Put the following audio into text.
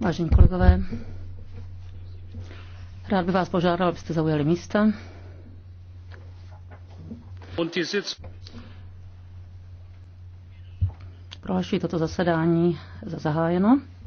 Vážení kolegové, rád bych vás požádal, abyste zaujali místa. Prohlašuji toto zasedání za zahájeno.